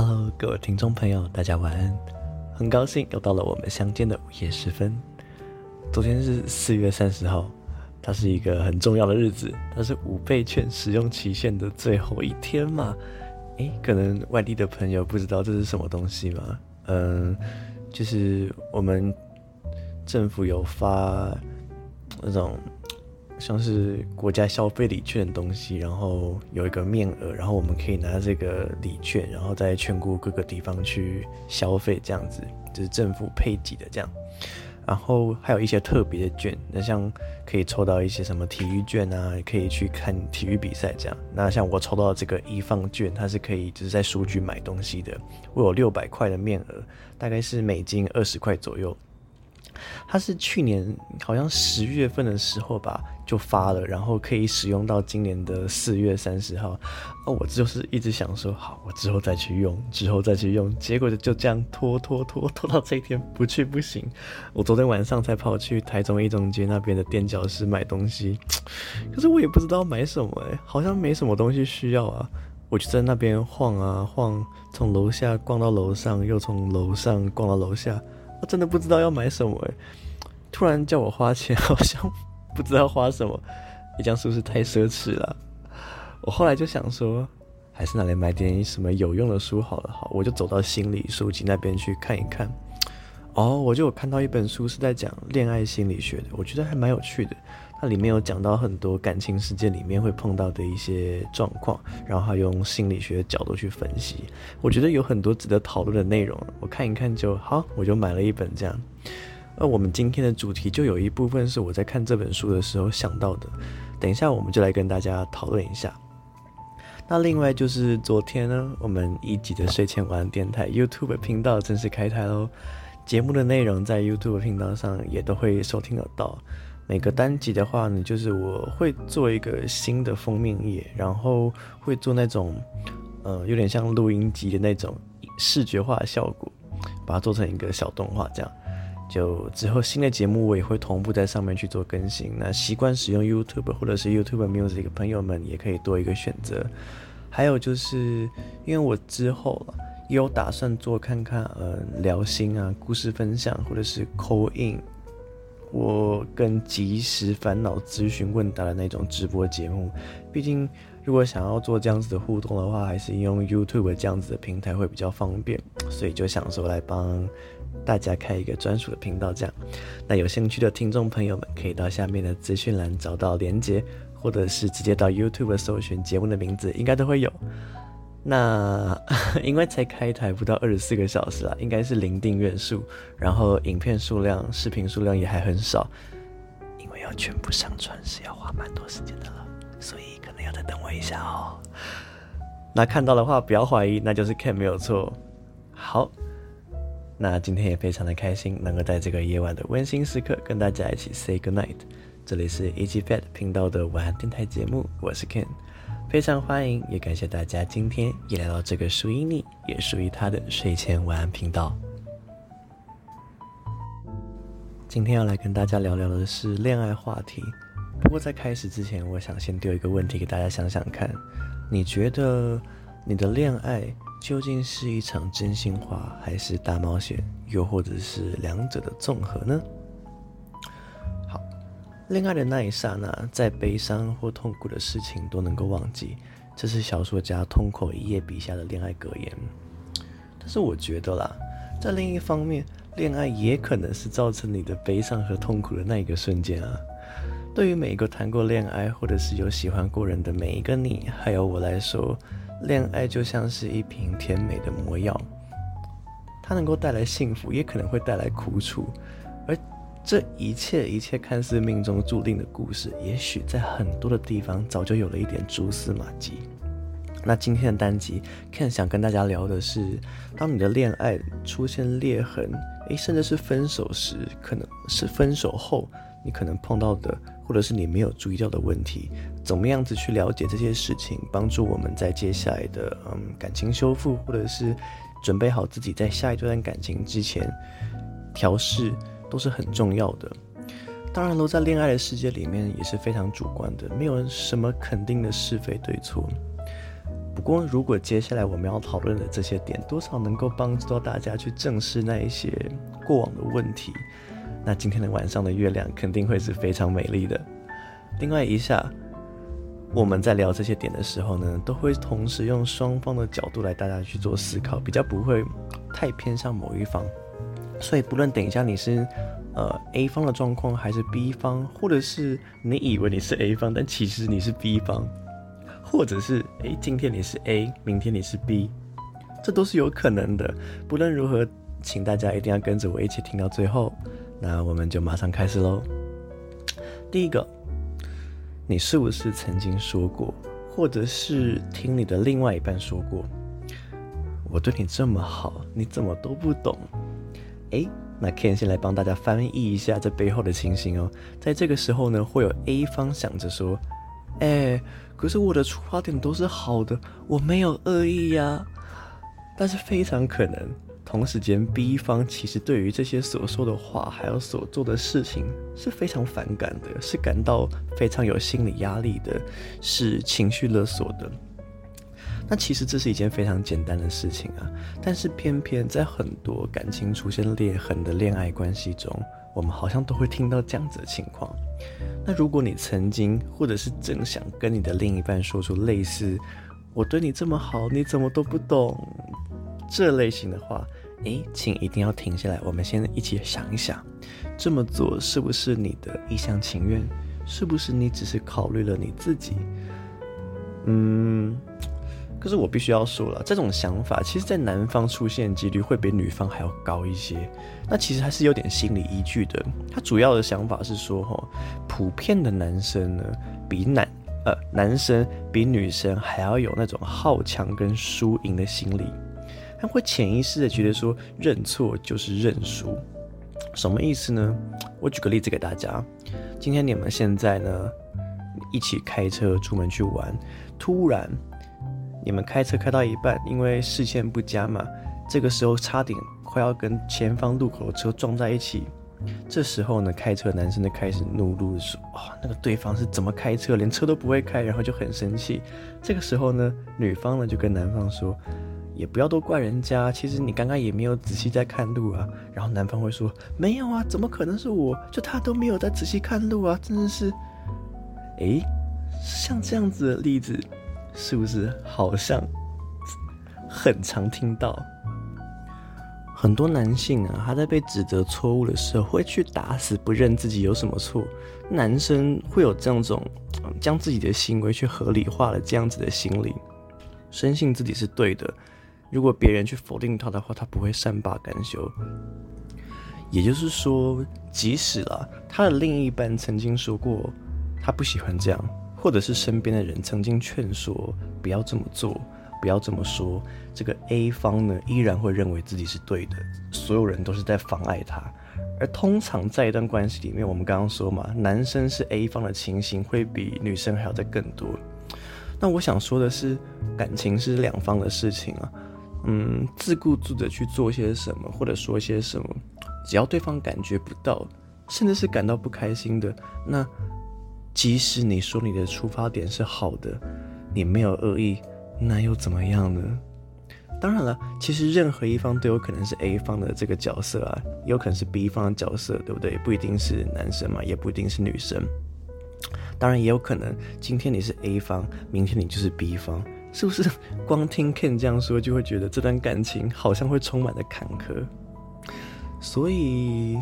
Hello，各位聽眾朋友，大家晚安。很高興又到了我們相見的午夜時分。昨天是四月三十號，它是一個很重要的日子，它是五倍券使用期限的最後一天嘛。誒，可能外地的朋友不知道這是什麼東西嘛？嗯，就是我們政府有發那種。像是國家消費禮券的東西，然後有一個面額，然後我們可以拿這個禮券，然後在全國各個地方去消費，這樣子就是政府配給的這樣。然後還有一些特別的券，那像可以抽到一些什麼體育券啊，也可以去看體育比賽這樣。那像我抽到這個一放券，它是可以就是在書局買東西的，我有六百塊的面額，大概是美金二十塊左右。它是去年好像十月份的時候吧，就發了，然後可以使用到今年的四月三十號。啊，我就是一直想說好，我之後再去用，之後再去用，結果就這樣拖拖拖拖到這一天不去不行。我昨天晚上才跑去台中一中街那邊的墊腳石買東西，可是我也不知道買什麼，欸，好像沒什麼東西需要啊。我就在那邊晃啊晃，從樓下逛到樓上，又從樓上逛到樓下。我真的不知道要買什麼誒，突然叫我花錢，好像不知道花什麼，你這樣是不是太奢侈了？我後來就想說，還是拿來買點什麼有用的書好了好，我就走到心理書籍那邊去看一看，哦，oh，我就有看到一本書是在講戀愛心理學的，我覺得還蠻有趣的。它裡面有講到很多感情世界裡面會碰到的一些狀況，然後他用心理學的角度去分析，我覺得有很多值得討論的內容。我看一看就好，我就買了一本這樣。那我們今天的主題就有一部分是我在看這本書的時候想到的，等一下我們就來跟大家討論一下。那另外就是昨天呢，我們一集的睡前晚安電台 YouTube 頻道正式開台嘍，節目的內容在 YouTube 頻道上也都會收聽得到。每個單集的話呢，就是我會做一個新的封面頁，然後會做那種，呃，有點像錄音機的那種視覺化的效果，把它做成一個小動畫這樣。就之後新的節目我也會同步在上面去做更新。那習慣使用 YouTube 或者是 YouTube Music 的朋友們，也可以多一個選擇。還有就是因為我之後、啊、也有打算做看看，呃、嗯，聊心啊，故事分享或者是 Call In。我更及時煩惱諮詢問答的那種直播節目，畢竟如果想要做這樣子的互動的話，還是用 YouTube 這樣子的平台會比較方便，所以就想說來幫大家開一個專屬的頻道，這樣。那有興趣的聽眾朋友們，可以到下面的資訊欄找到鏈接，或者是直接到 YouTube 搜尋節目的名字，應該都會有。那因為才開台不到二十四個小時了，應該是零訂閱數，然後影片數量、視頻數量也還很少，因為要全部上傳是要花蠻多時間的了，所以可能要再等我一下哦。那看到的話不要懷疑，那就是 Ken 沒有錯。好，那今天也非常的開心，能夠在這個夜晚的溫馨時刻跟大家一起 Say Good Night。這裡是 EG Fat 頻道的晚安電台節目，我是 Ken。非常歡迎，也感謝大家今天也來到這個屬於你、也屬於他的睡前晚安頻道。今天要來跟大家聊聊的是戀愛話題。不過在開始之前，我想先丟一個問題給大家想想看：你覺得你的戀愛究竟是一場真心話，還是大冒險，又或者是兩者的綜合呢？戀愛的那一剎那，再悲傷或痛苦的事情都能夠忘記，這是小說家樋口一葉筆下的戀愛格言。但是我覺得啦，在另一方面，戀愛也可能是造成你的悲傷和痛苦的那一個瞬間啊。對於每一個談過戀愛或者是有喜歡過人的每一個你，還有我來說，戀愛就像是一瓶甜美的魔藥，它能夠帶來幸福，也可能會帶來苦楚。這一切一切看似命中注定的故事，也許在很多的地方早就有了一點蛛絲馬跡。那今天的單集，Ken 想跟大家聊的是，當你的戀愛出現裂痕，誒，甚至是分手時，可能是分手後，你可能碰到的，或者是你沒有注意到的問題，怎麼樣子去了解這些事情，幫助我們在接下來的嗯感情修復，或者是準備好自己在下一段感情之前調試。都是很重要的，當然了，都在戀愛的世界裡面也是非常主觀的，沒有什麼肯定的是非對錯。不過，如果接下來我們要討論的這些點，多少能夠幫助到大家去正視那一些過往的問題，那今天的晚上的月亮肯定會是非常美麗的。另外一下，我們在聊這些點的時候呢，都會同時用雙方的角度來大家去做思考，比較不會太偏向某一方。所以，不論等一下你是，呃，A 方的狀況，還是 B 方，或者是你以為你是 A 方，但其實你是 B 方，或者是誒、欸、今天你是 A，明天你是 B，這都是有可能的。不論如何，請大家一定要跟着我一起聽到最後。那我們就馬上開始嘍。第一個，你是不是曾經說過，或者是聽你的另外一半說過，我對你這麼好，你怎麼都不懂？誒，那 Ken 先來幫大家翻譯一下這背後的情形哦。在這個時候呢，會有 A 方想着說：“哎，可是我的出發點都是好的，我沒有惡意呀。”但是非常可能，同時間 B 方其實對於這些所說的話還有所做的事情是非常反感的，是感到非常有心理壓力的，是情緒勒索的。那其實這是一件非常簡單的事情啊，但是偏偏在很多感情出現裂痕的戀愛關係中，我們好像都會聽到這樣子的情況。那如果你曾經或者是正想跟你的另一半說出類似“我對你這麼好，你怎麼都不懂”這類型的話，誒，請一定要停下來，我們先一起想一想，這麼做是不是你的一廂情願？是不是你只是考慮了你自己？嗯。可是我必須要說了，這種想法其實，在男方出現幾率會比女方還要高一些。那其實還是有點心理依據的。他主要的想法是說，哈，普遍的男生呢，比男呃男生比女生還要有那種好強跟輸贏的心理，他會潛意識的覺得說，認錯就是認輸。什麼意思呢？我舉個例子給大家。今天你們現在呢，一起開車出門去玩，突然，你們開車開到一半，因為視線不佳嘛，這個時候差點快要跟前方路口車撞在一起。這時候呢，開車男生呢開始怒怒的說：“哦，那個對方是怎麼開車，連車都不會開，然後就很生氣。”這個時候呢，女方呢就跟男方說：“也不要都怪人家，其實你剛剛也沒有仔細在看路啊。”然後男方會說：“沒有啊，怎麼可能是我？就他都沒有在仔細看路啊，真的是。誒”哎，像這樣子的例子。是不是好像很常聽到很多男性啊？他在被指責錯誤的時候，會去打死不認自己有什麼錯。男生會有這樣一種將、嗯、自己的行為去合理化了這樣子的心理，深信自己是對的。如果別人去否定他的話，他不會善罷甘休。也就是說，即使了他的另一半曾經說過他不喜歡這樣。或者是身邊的人曾經勸說不要這麼做，不要這麼說，這個 A 方呢，依然會認為自己是對的，所有人都是在妨礙他。而通常在一段關係裡面，我們剛剛說嘛，男生是 A 方的情形會比女生還要再更多。那我想說的是，感情是兩方的事情啊，嗯，自顧自的去做些什麼，或者說些什麼，只要對方感覺不到，甚至是感到不開心的，那。即使你說你的出發點是好的，你沒有惡意，那又怎麼樣呢？當然了，其實任何一方都有可能是 A 方的這個角色啊，也有可能是 B 方的角色，對不對？不一定是男生嘛，也不一定是女生。當然，也有可能今天你是 A 方，明天你就是 B 方，是不是？光聽 Ken 這樣說，就會覺得這段感情好像會充滿了坎坷。所以。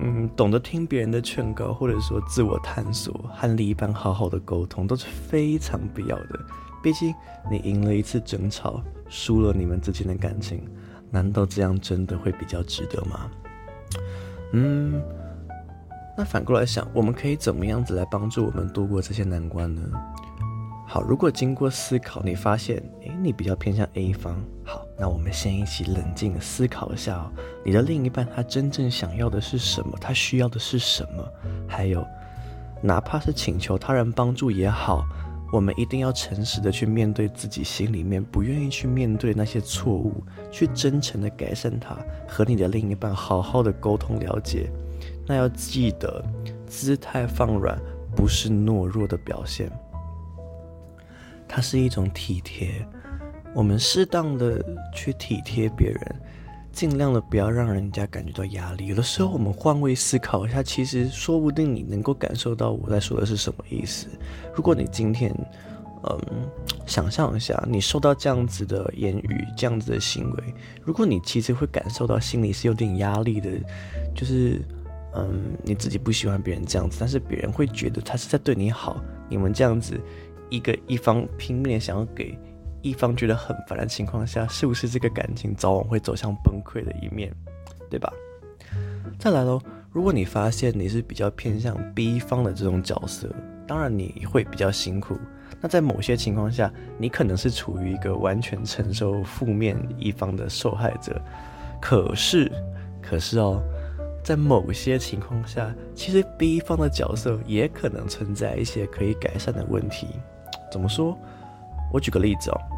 嗯，懂得聽別人的勸告，或者說自我探索，和另一半好好的溝通，都是非常必要的。畢竟你贏了一次爭吵，輸了你們之間的感情，難道這樣真的會比較值得嗎？嗯，那反過來想，我們可以怎麼樣子來幫助我們度過這些難關呢？好，如果經過思考，你發現，哎，你比較偏向 A 方，好。那我們先一起冷靜思考一下哦，你的另一半他真正想要的是什麼？他需要的是什麼？還有，哪怕是請求他人幫助也好，我們一定要誠實的去面對自己心裡面不願意去面對那些錯誤，去真誠的改善它，和你的另一半好好的溝通了解。那要記得，姿態放軟不是懦弱的表現，它是一種體貼。我們適當的去體貼別人，盡量的不要讓人家感覺到壓力。有的時候我們換位思考一下，其實說不定你能夠感受到我在說的是什麼意思。如果你今天，嗯，想象一下你受到這樣子的言語、這樣子的行為，如果你其實會感受到心裡是有點壓力的，就是，嗯，你自己不喜歡別人這樣子，但是別人會覺得他是在對你好。你們這樣子，一個一方拼命想要給。一方覺得很煩的情況下，是不是這個感情早晚會走向崩潰的一面，對吧？再來嘍，如果你發現你是比較偏向 B 方的這種角色，當然你會比較辛苦。那在某些情況下，你可能是處於一個完全承受負面一方的受害者。可是，可是哦，在某些情況下，其實 B 方的角色也可能存在一些可以改善的問題。怎麼說？我舉個例子哦。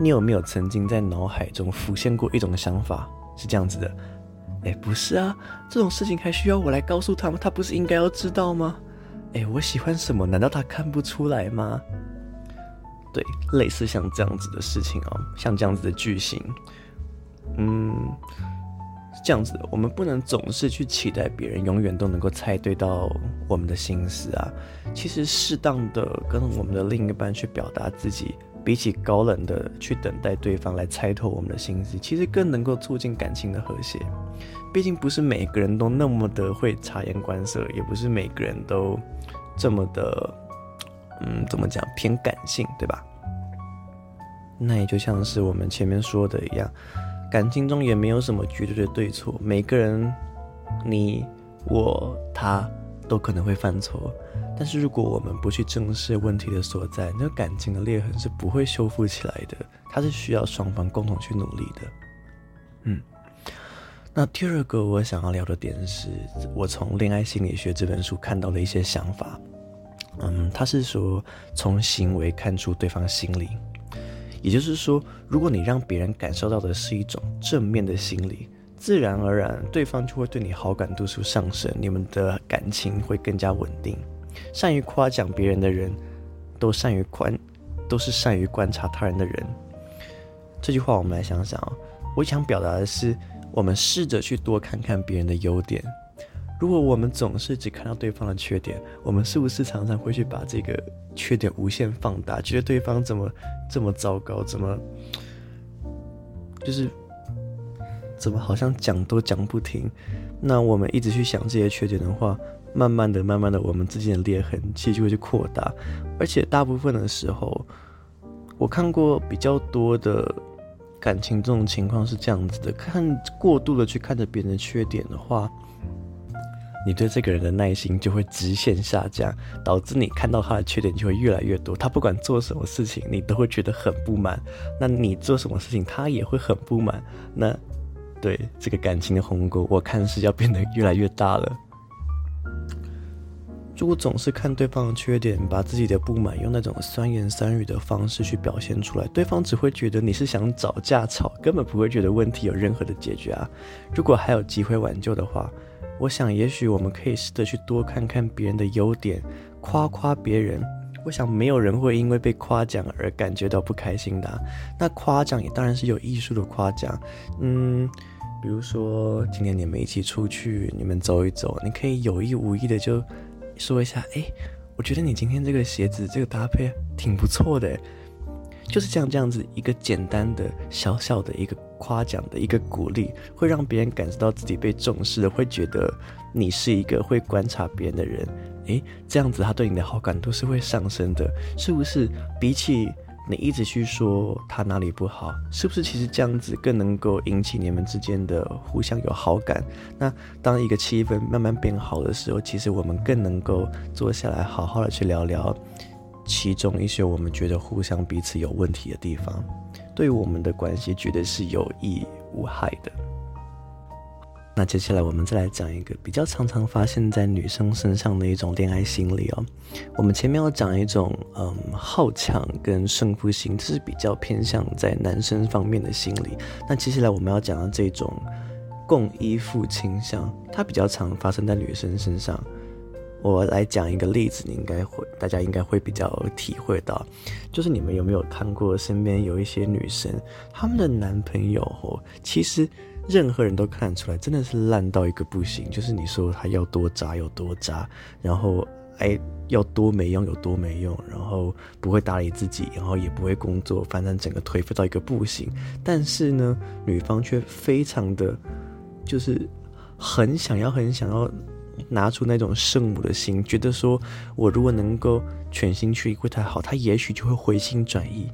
你有沒有曾經在腦海中浮現過一種想法？是這樣子的，哎，不是啊，這種事情還需要我來告訴他嗎？他不是應該要知道嗎？哎，我喜歡什麼？難道他看不出來嗎？對，類似像這樣子的事情啊、哦，像這樣子的劇情，嗯，是這樣子的。我們不能總是去期待別人永遠都能夠猜對到我們的心思啊。其實，適當的跟我們的另一半去表達自己。比起高冷的去等待對方來猜透我們的心思，其實更能夠促進感情的和諧。畢竟不是每個人都那麼的會察言觀色，也不是每個人都這麼的，嗯，怎麼講，偏感性，對吧？那也就像是我們前面說的一樣，感情中也沒有什麼絕對的對錯，每個人，你我他都可能會犯錯。但是如果我們不去正視問題的所在，那個感情的裂痕是不會修復起來的。它是需要雙方共同去努力的。嗯，那第二個我想要聊的點是我從《戀愛心理學》這本書看到的一些想法。嗯，它是說從行為看出對方心理，也就是說，如果你讓別人感受到的是一種正面的心理，自然而然對方就會對你好感度數上升，你們的感情會更加穩定。善於誇獎別人的人，都善於觀，都是善於觀察他人的人。這句話我們來想想啊，我想表達的是，我們試着去多看看別人的優點。如果我們總是只看到對方的缺點，我們是不是常常會去把這個缺點無限放大，覺得對方怎麼這麼糟糕，怎麼就是怎麼好像講都講不停？那我們一直去想這些缺點的話。慢慢的，慢慢的，我們之間的裂痕其實就會去擴大，而且大部分的時候，我看過比較多的感情，這種情況是這樣子的：看過度的去看着別人的缺點的話，你對這個人的耐心就會直線下降，導致你看到他的缺點就會越來越多。他不管做什麼事情，你都會覺得很不滿；那你做什麼事情，他也會很不滿。那對這個感情的鴻溝，我看是要變得越來越大了。如果總是看對方的缺點，把自己的不滿用那種酸言酸語的方式去表現出來，對方只會覺得你是想找架吵，根本不會覺得問題有任何的解決啊。如果還有機會挽救的話，我想也許我們可以試着去多看看別人的優點，誇誇別人。我想沒有人會因為被誇獎而感覺到不開心的啊。那誇獎也當然是有藝術的誇獎。嗯，比如說今天你們一起出去，你們走一走，你可以有意無意的就。說一下，哎，我覺得你今天這個鞋子這個搭配挺不錯的，哎，就是這樣這樣子一個簡單的小小的一個誇獎的一個鼓勵，會讓別人感知到自己被重視的，會覺得你是一個會觀察別人的人，哎，這樣子他對你的好感度是會上升的，是不是？比起，你一直去說他哪裡不好，是不是？其實這樣子更能夠引起你們之間的互相有好感。那當一個氣氛慢慢變好的時候，其實我們更能夠坐下來好好的去聊聊其中一些我們覺得互相彼此有問題的地方，對於我們的關係絕對是有益無害的。那接下來我們再來講一個比較常常發生在女生身上的一種戀愛心理哦。我們前面要講一種，嗯，好強跟勝負心，這是比較偏向在男生方面的心理。那接下來我們要講的這種共依附傾向，它比較常發生在女生身上。我來講一個例子，你應該會，大家應該會比較體會到，就是你們有沒有看過身邊有一些女生，她們的男朋友哦，其實。任何人都看得出來，真的是爛到一個不行。就是你說他要多渣有多渣，然後哎，要多沒用有多沒用，然後不會打理自己，然後也不會工作，反正整個頹廢到一個不行。但是呢，女方卻非常的，就是很想要，很想要拿出那種聖母的心，覺得說我如果能夠全心去為他好，他也許就會回心轉意。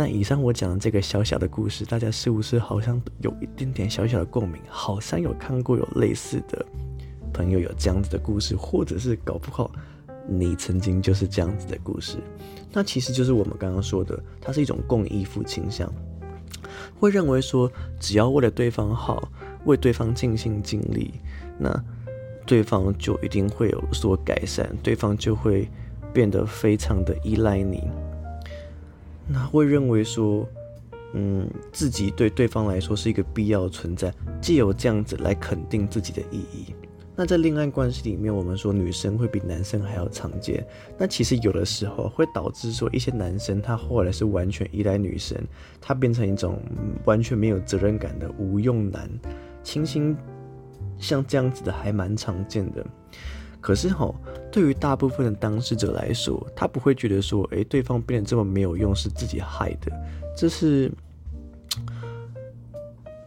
那以上我講的這個小小的故事，大家是不是好像有一點點小小的共鳴？好像有看過有類似的朋友有這樣子的故事，或者是搞不好你曾經就是這樣子的故事。那其實就是我們剛剛說的，它是一種共依附傾向，會認為說只要為了對方好，為對方盡心盡力，那對方就一定會有所改善，對方就會變得非常的依賴你。他會認為說，嗯，自己對對方來說是一個必要存在，藉由這樣子來肯定自己的意義。那在戀愛關係裡面，我們說女生會比男生還要常見。那其實有的時候會導致說一些男生他後來是完全依賴女生，他變成一種完全沒有責任感的無用男。情形像這樣子的還蠻常見的。可是吼，對於大部分的當事者來說，他不會覺得說，誒，對方變得這麼沒有用是自己害的。這是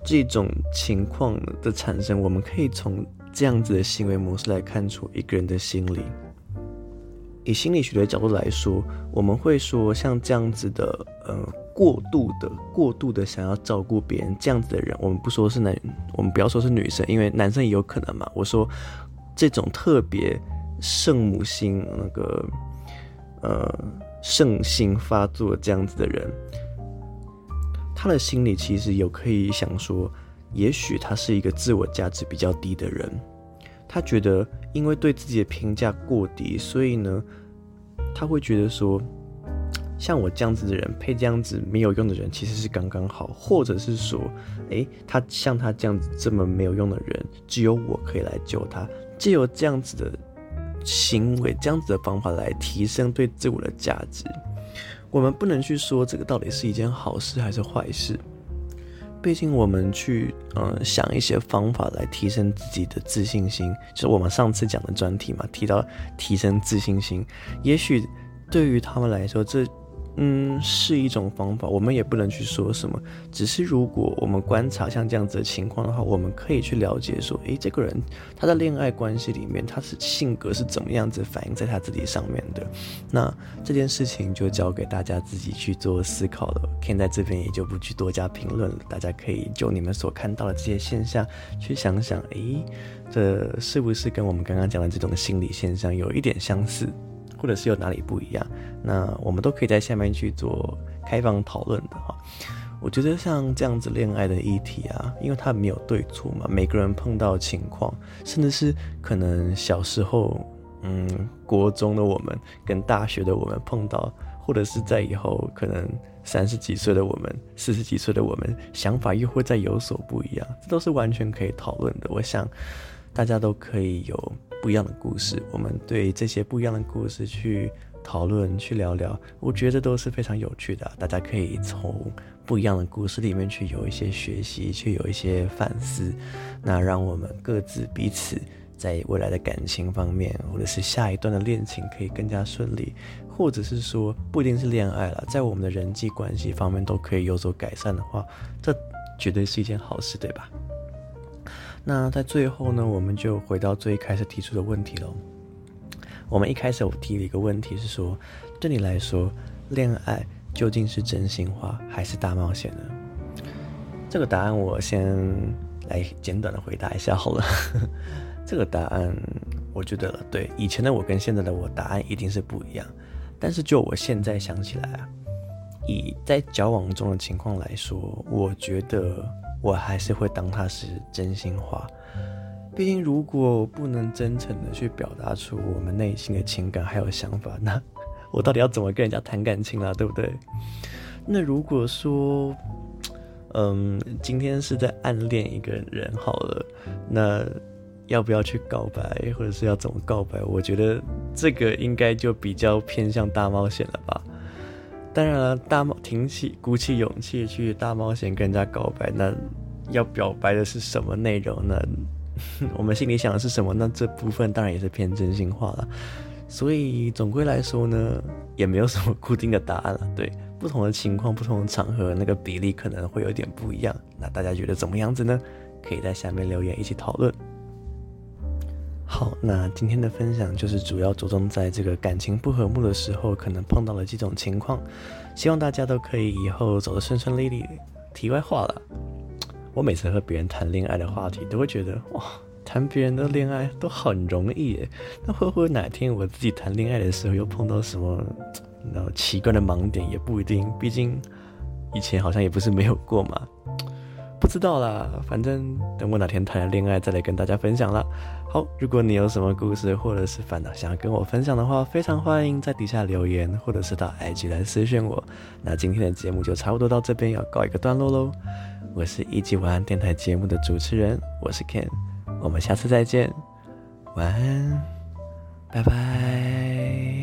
這種情況的產生，我們可以從這樣子的行為模式來看出一個人的心理。以心理學的角度來說，我們會說像這樣子的，呃，過度的、過度的想要照顧別人這樣子的人，我們不說是男，我們不要說是女生，因為男生也有可能嘛。我說。這種特別聖母心那個呃聖心發作這樣子的人，他的心裡其實有可以想說，也許他是一個自我價值比較低的人，他覺得因為對自己的評價過低，所以呢，他會覺得說，像我這樣子的人配這樣子沒有用的人其實是剛剛好，或者是說，誒，他像他這樣子這麼沒有用的人，只有我可以來救他，借由這樣子的行為，這樣子的方法來提升對自我的價值，我們不能去說這個到底是一件好事還是壞事。畢竟我們去嗯想一些方法來提升自己的自信心，就是我們上次講的專題嘛，提到提升自信心，也許對於他們來說這。嗯，是一種方法，我們也不能去說什麼。只是如果我們觀察像這樣子的情況的話，我們可以去了解說，誒，這個人他的戀愛關係裡面，他是性格是怎麼樣子反映在他自己上面的。那這件事情就交給大家自己去做思考了。Ken 在這邊也就不去多加評論了，大家可以就你們所看到的這些現象去想想，誒，這是不是跟我們剛剛講的這種心理現象有一點相似？或者是有哪裡不一樣，那我們都可以在下面去做開放討論的哈。我覺得像這樣子戀愛的議題啊，因為它沒有對錯嘛，每個人碰到情況，甚至是可能小時候，嗯，國中的我們跟大學的我們碰到，或者是在以後可能三十幾歲的我們、四十幾歲的我們，想法又會再有所不一樣，這都是完全可以討論的。我想大家都可以有。不一樣的故事，我們對這些不一樣的故事去討論、去聊聊，我覺得都是非常有趣的啊。大家可以從不一樣的故事裡面去有一些學習，去有一些反思。那讓我們各自彼此在未來的感情方面，或者是下一段的戀情可以更加順利，或者是說不一定是戀愛了，在我們的人際關係方面都可以有所改善的話，這絕對是一件好事，對吧？那在最後呢，我們就回到最開始提出的問題嘍。我們一開始我提了一個問題是說，對你來說，戀愛究竟是真心話還是大冒險呢？這個答案我先來簡短的回答一下好了。 這個答案，我覺得，對，以前的我跟現在的我答案一定是不一樣。但是就我現在想起來啊，以在交往中的情況來說，我覺得。我還是會當他是真心話，畢竟如果不能真誠的去表達出我們內心的情感還有想法，那我到底要怎麼跟人家談感情啊，對不對？那如果說，嗯，今天是在暗戀一個人好了，那要不要去告白，或者是要怎麼告白？我覺得這個應該就比較偏向大冒險了吧。當然了，大冒挺起鼓起勇氣去大冒險跟人家告白，那要表白的是什麼內容呢？ 我們心裡想的是什麼？那這部分當然也是偏真心話了。所以總歸來說呢，也沒有什麼固定的答案了。對，不同的情況、不同的場合，那個比例可能會有點不一樣。那大家覺得怎麼樣子呢？可以在下面留言一起討論。好，那今天的分享就是主要着重在這個感情不和睦的時候，可能碰到了幾種情況，希望大家都可以以後走得順順利利。題外話了，我每次和別人談戀愛的話題，都會覺得哇，談別人的戀愛都很容易誒，那會不會哪天我自己談戀愛的時候又碰到什麼那奇怪的盲點也不一定，畢竟以前好像也不是沒有過嘛。不知道啦，反正等我哪天談了戀愛再來跟大家分享啦。好，如果你有什麼故事或者是煩惱想要跟我分享的話，非常歡迎在底下留言，或者是到 IG 來私訊我。那今天的節目就差不多到這邊要告一個段落嘍。我是一級晚安電台節目的主持人，我是 Ken，我們下次再見，晚安，拜拜。